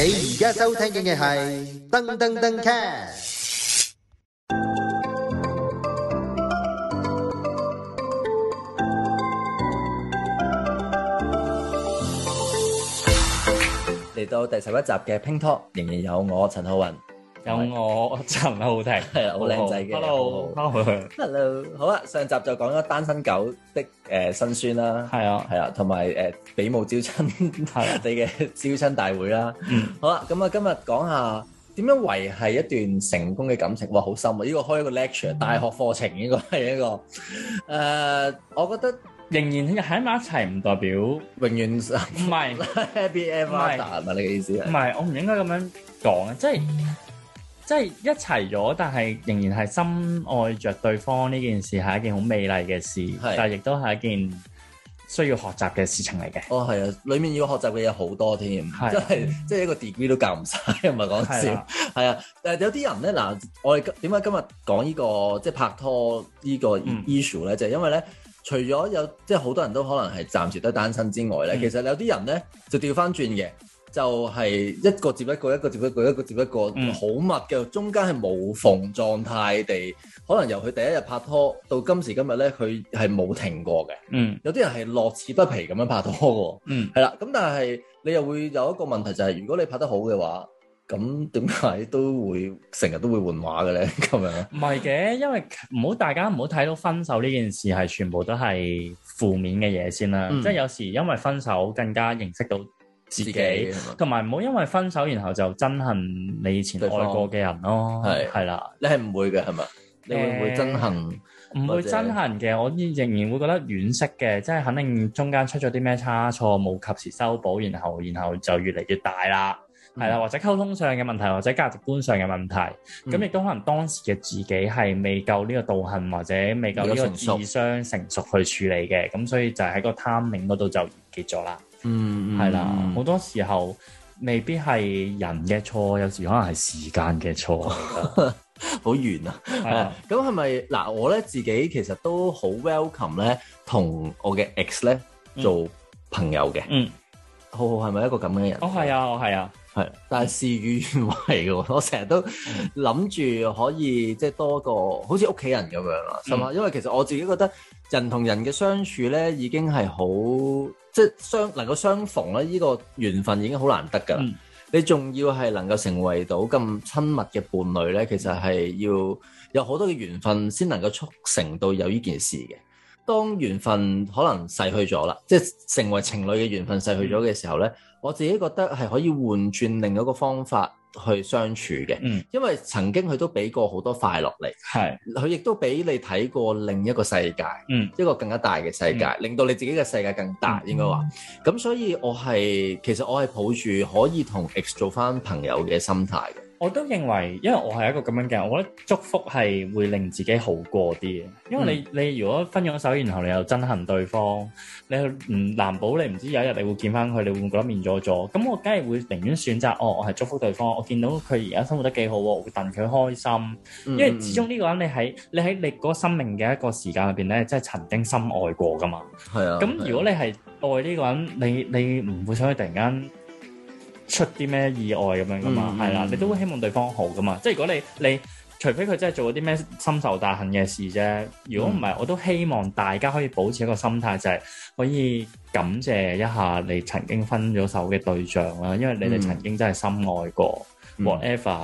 你而家收聽嘅係噔噔噔 cast，嚟到第十一集嘅拼拖仍然有我陳浩雲。有我陳浩庭，係啊，好靚仔嘅。Hello，hello，好啊！上集就講咗單身狗的誒辛酸啦，係啊，係啊，同埋誒比武招親，係啊，你嘅招親大會啦。好啦，咁啊，今日講下點樣維係一段成功嘅感情，哇，好深啊！呢個開一個 lecture，大學課程呢個係一個誒，我覺得仍然喺埋一齊唔代表永遠唔係，唔係唔係你嘅意思係唔係，我唔應該咁樣講啊，即係。即係一齊咗，但係仍然係深愛着對方呢件事係一件好美麗嘅事，是但係亦都係一件需要學習嘅事情嚟嘅。哦，係啊，裡面要學習嘅嘢好多添、啊啊這個，即係即係一個 degree 都教唔晒，唔係講笑。係啊，誒有啲人咧嗱，我哋點解今日講呢個即係拍拖個呢個 issue 咧？嗯、就係因為咧，除咗有即係好多人都可能係暫時都單身之外咧，嗯、其實有啲人咧就調翻轉嘅。就係一個接一個，一個接一個，一個接一個，好密嘅。中間係無縫狀態地，可能由佢第一日拍拖到今時今日咧，佢係冇停過嘅。嗯，有啲人係樂此不疲咁樣拍拖嘅。嗯，係啦。咁但係你又會有一個問題就係，如果你拍得好嘅話，咁點解都會成日都會換畫嘅咧？咁樣唔係嘅，因為唔好大家唔好睇到分手呢件事係全部都係負面嘅嘢先啦。嗯、即係有時因為分手更加認識到自己，同埋唔好因為分手然後就憎恨你以前方愛過嘅人咯。係係啦，的你係唔會嘅係嘛？呃、你會唔會憎恨？唔會憎恨嘅，者我仍然會覺得惋惜嘅，即、就、係、是、肯定中間出咗啲咩差錯，冇及時修補，然後然後就越嚟越大啦。係啦、嗯，或者溝通上嘅問題，或者價值觀上嘅問題，咁亦都可能當時嘅自己係未夠呢個道行，或者未夠呢個智商成熟去處理嘅，咁所以就喺個 timing 嗰度就結咗啦。嗯，係啦，好、嗯、多時候未必係人嘅錯，有時可能係時間嘅錯，好遠啊！係，咁係咪嗱？我咧自己其實都好 welcome 咧，同我嘅 ex 咧做朋友嘅，嗯，好好係咪一個咁嘅人？哦、oh，係啊，我係啊，係，但係事與願違嘅，我成日都諗住可以即係多一個好似屋企人咁樣啦，咁啊，因為其實我自己覺得人同人嘅相處咧，已經係好。即係相能夠相逢咧，呢、這個緣分已經好難得噶啦。嗯、你仲要係能夠成為到咁親密嘅伴侶咧，其實係要有好多嘅緣分先能夠促成到有呢件事嘅。當緣分可能逝去咗啦，嗯、即係成為情侶嘅緣分逝去咗嘅時候咧，嗯、我自己覺得係可以換轉另一個方法去相處嘅，嗯、因為曾經佢都俾過好多快樂嚟，佢亦是都俾你睇過另一個世界，嗯、一個更加大嘅世界，嗯、令到你自己嘅世界更大，嗯、應該話。咁、嗯、所以我係其實我係抱住可以同 X 做翻朋友嘅心態嘅。我都認為，因為我係一個咁樣嘅人，我覺得祝福係會令自己好過啲嘅。因為你、嗯、你如果分咗手，然後你又憎恨對方，你唔難保你唔知有一日你會見翻佢，你會，會覺得面阻阻。咁我梗係會寧願選擇，哦，哦我係祝福對方。見到佢而家生活得幾好喎，會戥佢開心。因為始終呢個人你喺你喺你嗰個生命嘅一個時間入邊咧，即係曾經深愛過噶嘛。係啊。咁如果你係愛呢個人，啊、你你唔會想佢突然間出啲咩意外咁樣噶嘛。係啦、啊，嗯、你都會希望對方好噶嘛。即係如果你你，你除非佢真係做咗啲咩深仇大恨嘅事啫。如果唔係，嗯、我都希望大家可以保持一個心態，就係、是、可以感謝一下你曾經分咗手嘅對象啦。因為你哋曾經真係深愛過。whatever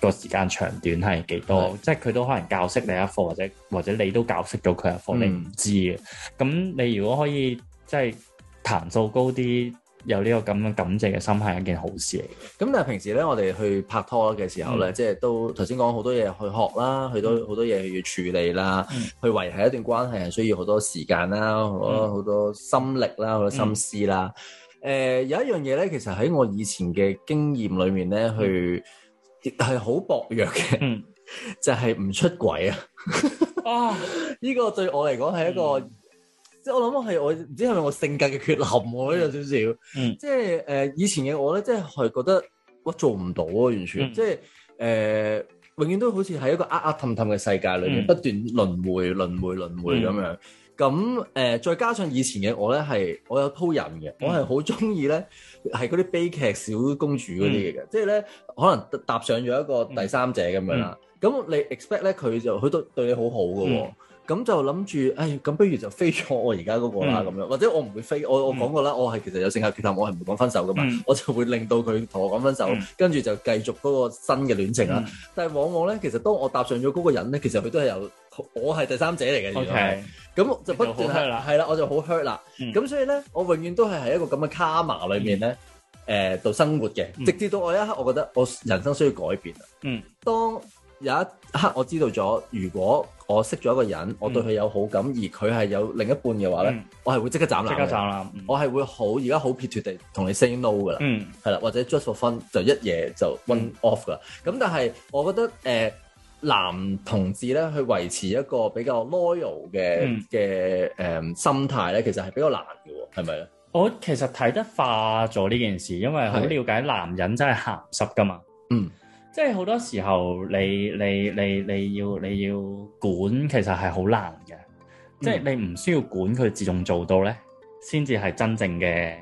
個時間長短係幾多，的即係佢都可能教識你一課，或者或者你都教識到佢一課，你唔知嘅。咁、嗯、你如果可以即係談素高啲，有呢個咁嘅感謝嘅心，係一件好事嚟嘅。咁但係平時咧，我哋去拍拖嘅時候咧，嗯、即係都頭先講好多嘢去學啦，去多好多嘢要處理啦，嗯、去維繫一段關係係需要好多時間啦，好多、嗯、好多心力啦，好多心思啦、嗯。嗯誒有一樣嘢咧，其實喺我以前嘅經驗裏面咧，佢亦係好薄弱嘅，就係唔出軌啊！啊，呢個對我嚟講係一個，即係我諗係我唔知係咪我性格嘅缺陷喎，呢個少少。即係誒以前嘅我咧，即係係覺得我做唔到啊，完全。即係誒，永遠都好似喺一個呃呃氹氹嘅世界裏面不斷輪迴、輪迴、輪迴咁樣。咁誒，再加上以前嘅我咧，係我有鋪人嘅，我係好中意咧，係嗰啲悲劇小公主嗰啲嘢嘅，即係咧可能搭上咗一個第三者咁樣啦。咁你 expect 咧佢，就佢都對你好好嘅喎，咁就諗住，哎，咁不如就飛咗我而家嗰個啦咁樣，或者我唔會飛，我，我講過啦，我係其實有性格缺陷，我係唔講分手嘅嘛，我就會令到佢同我講分手，跟住就繼續嗰個新嘅戀情啦。但係往往咧，其實當我搭上咗嗰個人咧，其實佢都係由我係第三者嚟嘅，咁就不斷係啦，係啦，我就好 hurt 啦。咁所以咧，我永遠都係喺一個咁嘅卡麻裏面咧，誒度生活嘅。直至到我一刻，我覺得我人生需要改變啊。嗯。當有一刻我知道咗，如果我識咗一個人，我對佢有好感，而佢係有另一半嘅話咧，我係會即刻斬纜，即刻斬纜。我係會好而家好撇脱地同你 say no 噶啦。嗯。係啦，或者 just for fun 就一夜就 one off 噶。咁但係我覺得誒，男同志咧去維持一個比較 loyal 嘅嘅誒心態咧，其實係比較難嘅喎，係咪咧？我其實睇得化咗呢件事，因為好了解男人真係鹹濕㗎嘛。的嗯，即係好多時候你，你你你你要你要管，其實係好難嘅。嗯，即係你唔需要管佢自動做到咧，先至係真正嘅。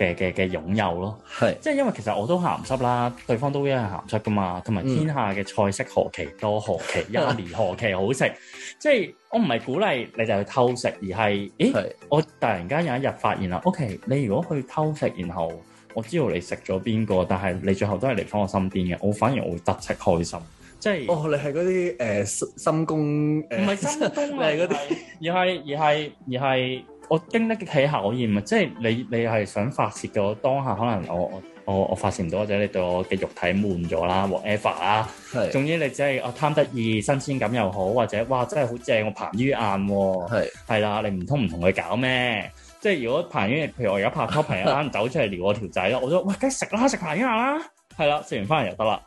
嘅嘅嘅擁有咯，係 即係因為其實我都鹹濕啦，對方都一樣鹹濕噶嘛，同埋天下嘅菜式何其多，何其雅緻， 何其好食。即係我唔係鼓勵你就去偷食，而係，咦？是我突然間有一日發現啦，OK，你如果去偷食，然後我知道你食咗邊個，但係你最後都係嚟翻我身邊嘅，我反而我會得戚開心。即係哦，你係嗰啲誒心心唔係心公嚟嗰啲，而係而係而係。而我經得起考驗啊！即係你你係想發泄嘅，當下可能我我我發泄唔到，或者你對我嘅肉體悶咗啦，whatever 啦，係。的總之你只係我、啊、貪得意，新鮮感又好，或者哇真係好正，我彭于晏喎，係係啦，你唔通唔同佢搞咩？即係如果彭于晏，譬如我而家拍拖，朋友啱走出嚟撩我條仔咯，我都喂梗係食啦，食彭于晏啦，係啦，食完翻嚟又得啦。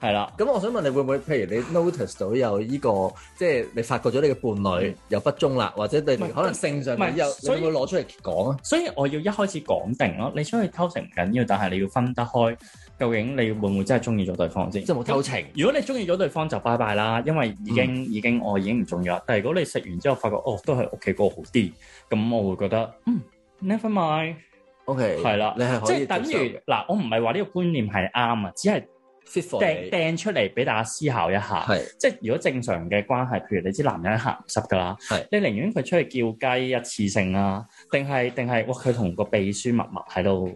係啦，咁我想問你，會唔會譬如你 notice 到有呢、這個，即、就、係、是、你發覺咗你嘅伴侶有不忠啦，或者你可能性上唔係，有是你會唔會攞出嚟講啊？所以我要一開始講定咯，你想去偷情唔緊要，但係你要分得開，究竟你會唔會真係中意咗對方先？即係冇偷情。如果你中意咗對方就拜拜啦，因為已經、嗯、已經我已經唔重要。但係如果你食完之後發覺哦，都係屋企個好啲，咁我會覺得嗯 never mind okay, 的。O K 係啦，你係即係等於嗱，我唔係話呢個觀念係啱啊，只係。掟掟出嚟俾大家思考一下，即係如果正常嘅關係，譬如你知男人鹹濕噶啦，你寧願佢出去叫雞一次性啊，定係定係哇佢同個秘書密密喺度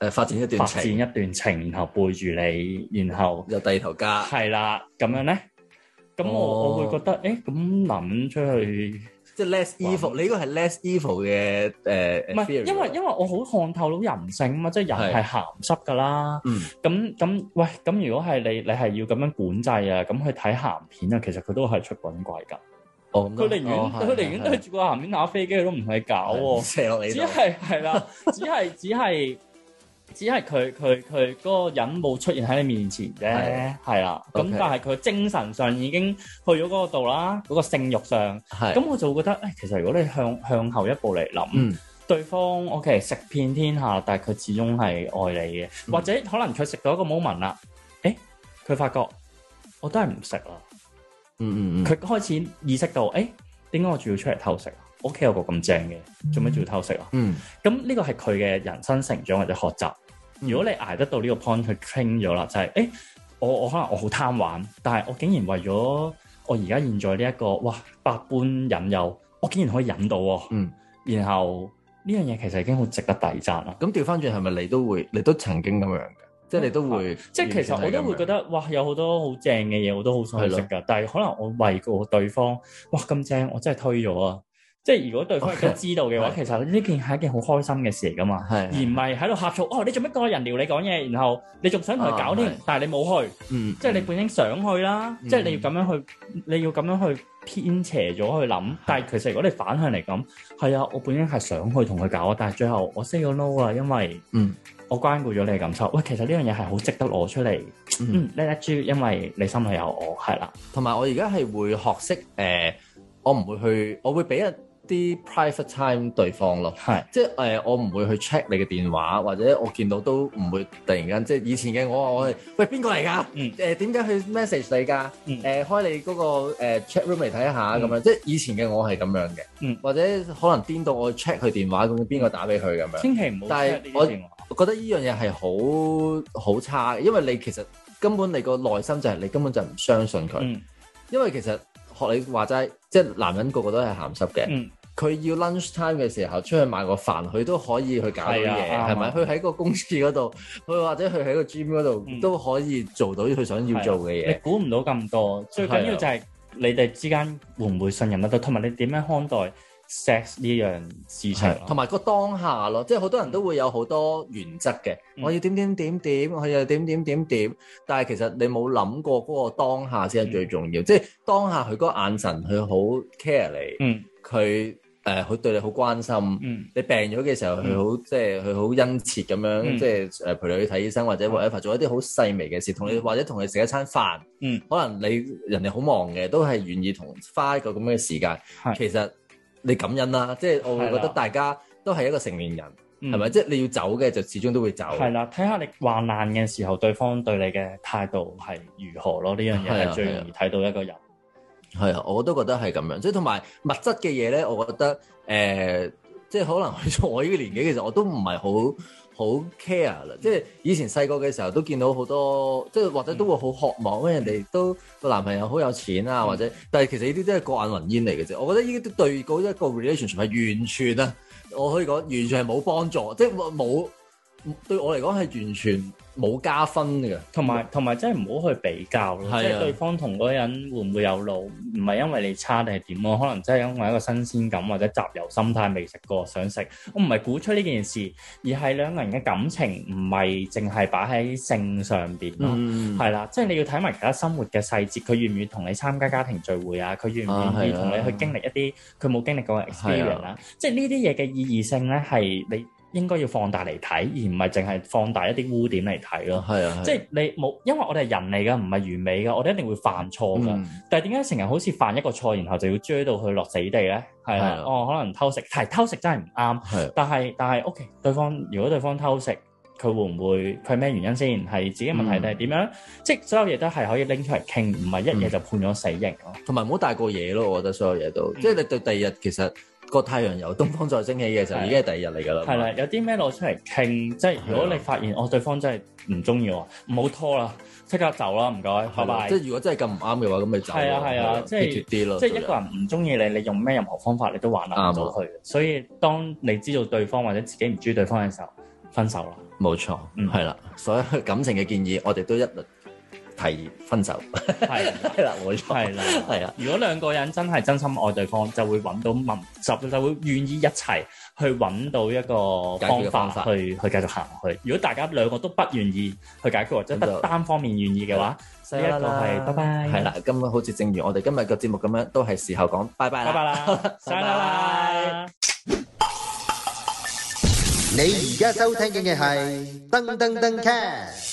誒發展一段發展一段情，然後背住你，然後又第二頭家，係啦咁樣咧，咁我我會覺得誒咁諗出去。即係 less evil，你呢個係 less evil 嘅誒？唔係，因為因為我好看透到人性啊嘛，即係人係鹹濕噶啦。咁咁，喂，咁如果係你你係要咁樣管制啊，咁去睇鹹片啊，其實佢都係出滾怪噶。哦，佢寧願佢寧願對住個鹹片打飛機，佢都唔係搞，射落嚟，只係係啦，只係只係。只係佢佢佢嗰個人冇出現喺你面前啫，係啦。咁、嗯、Okay. 但係佢精神上已經去咗嗰度啦，嗰、那個性慾上，咁的我就覺得，誒、哎，其實如果你向向後一步嚟諗，嗯、對方 O、okay, K 食遍天下，但係佢始終係愛你嘅，嗯、或者可能佢食到一個 moment 啦，誒、欸，佢發覺我都係唔食啦，嗯嗯，佢開始意識到，誒、欸，點解我仲要出嚟偷食？我屋企有個咁正嘅，做咩仲要偷食啊？嗯，咁呢、嗯、個係佢嘅人生成長或者學習。如果你捱得到呢個 point 去傾咗啦，就係、是、誒、欸，我我可能我好貪玩，但係我竟然為咗我而家現在呢一、這個哇百般引誘，我竟然可以忍到喎，嗯，然後呢樣嘢其實已經好值得抵讚啦。咁調翻轉係咪你都會，你都曾經咁樣嘅？啊、即係你都會，即係、啊、其，其實我都會覺得哇，有好多好正嘅嘢我都好想去食㗎，的但係可能我為過對方哇咁正，我真係推咗啊。即係如果對方都知道嘅話，其實呢件係一件好開心嘅事嚟噶嘛，而唔係喺度呷醋。哦，你做乜個人撩你講嘢，然後你仲想同佢搞添，但係你冇去。嗯，即係你本應想去啦，即係你要咁樣去，你要咁樣去偏斜咗去諗。但係其實如果你反向嚟講，係啊，我本應係想去同佢搞，但係最後我 say 咗 no 啊，因為嗯，我關顧咗你嘅感受。喂，其實呢樣嘢係好值得攞出嚟，嗯，叻叻豬，因為你心裏有我，係啦。同埋我而家係會學識，誒，我唔會去，我會俾人。啲 private time 對方咯，係是即係誒、呃，我唔會去 check 你嘅電話，或者我見到都唔會突然間，即係以前嘅我啊，嗯、我係喂邊個嚟㗎？誒點解去 message 你㗎？嗯？誒、呃、開你嗰、那個、呃、chat room 嚟睇下咁、嗯、樣，即係以前嘅我係咁樣嘅，嗯、或者可能癲到我 check 佢電話咁邊個打俾佢咁樣，嗯、千祈唔好。但係我覺得呢樣嘢係好好差嘅，因為你其實根本你個內心就係你根本就唔相信佢，嗯、因為其實。學你話齋，即係男人個個都係鹹濕嘅。佢、嗯、要 lunch time 嘅時候出去買個飯，佢都可以去搞到嘢，係咪、啊？佢喺吧個公司嗰度，佢或者佢喺個 gym 嗰度都可以做到佢想要做嘅嘢、啊。你估唔到咁多，最緊要就係你哋之間會唔會信任得到？同埋的你點樣看待？sex 呢樣事情，同埋個當下咯，即係好多人都會有好多原則嘅、嗯。我要點點點點，我又點點點點。但係其實你冇諗過嗰個當下先係最重要。嗯、即係當下佢嗰個眼神，佢好 care 你，佢誒佢對你好關心。嗯、你病咗嘅時候，佢好即係佢好殷切咁樣，即係誒陪你去睇醫生或者或者，或者譬如做一啲好細微嘅事，同你或者同你食一餐飯。嗯，可能你人哋好忙嘅，都係願意同花一個咁嘅時間。其實。你感恩啦、啊，即係我會覺得大家都係一個成年人，係咪？即係你要走嘅就始終都會走。係啦、啊，睇下你患難嘅時候，對方對你嘅態度係如何咯？呢樣嘢係最容易睇到一個人。係啊，我都覺得係咁樣。即係同埋物質嘅嘢咧，我覺得誒。呃即係可能喺我呢個年紀，其實我都唔係好好 care 啦。即係以前細個嘅時候，都，時候都見到好多，即係或者都會好渴望，因為、嗯、人哋都個男朋友好有錢啊，或者，但係其實呢啲都係過眼雲煙嚟嘅啫。我覺得呢啲對嗰一個 relationship 係完全啊，我可以講完全係冇幫助，即係冇對我嚟講係完全。冇加分嘅，同埋同埋真係唔好去比較咯， 即係對方同嗰個人會唔會有路？唔係因為你差定係點咯？可能真係因為一個新鮮感或者集遊心態未食過想食。我唔係鼓吹呢件事，而係兩個人嘅感情唔係淨係擺喺性上邊咯、啊，係、嗯、啦，即係你要睇埋其他生活嘅細節，佢願唔願意同你參加家庭聚會啊？佢願唔願意同你去經歷一啲佢冇經歷過嘅 experience 啦。啊啊啊啊、即係呢啲嘢嘅意義性咧，係你。應該要放大嚟睇，而唔係淨係放大一啲污點嚟睇咯。係啊，啊即係你冇，因為我哋係人嚟㗎，唔係完美㗎，我哋一定會犯錯㗎。嗯、但係點解成日好似犯一個錯，然後就要追到去落死地咧？係、啊啊、哦，可能偷食係偷食真係唔啱。但係但係，OK，對方如果對方偷食，佢會唔會佢咩原因先？係自己問題定係點樣？即係所有嘢都係可以拎出嚟傾，唔係一嘢就判咗死刑咯。同埋唔好大過嘢咯，我覺得所有嘢都，即係你到第二日其實。個太陽由東方再升起嘅時候已經係第二日嚟㗎啦。係啦，有啲咩攞出嚟傾？即係如果你發現哦，對方真係唔中意我，唔好拖啦，即刻走啦，唔該，拜拜。即係如果真係咁唔啱嘅話，咁咪走即撇脱啲咯。即係一個人唔中意你，你用咩任何方法你都玩得唔到佢。所以當你知道對方或者自己唔中意對方嘅時候，分手啦。冇錯，嗯，係啦。所以感情嘅建議，我哋都一律。提分手係啦，冇錯，係啦，係啊！如果兩個人真係真心愛對方，就會揾到問就就會願意一齊去揾到一個方法去去繼續行去。如果大家兩個都不願意去解決，或者不單方面願意嘅話，所以一個係拜拜。係啦，今日好似正如我哋今日嘅節目咁樣，都係時候講拜拜啦，拜拜啦，拜拜。你而家收聽嘅係噔噔噔 cast。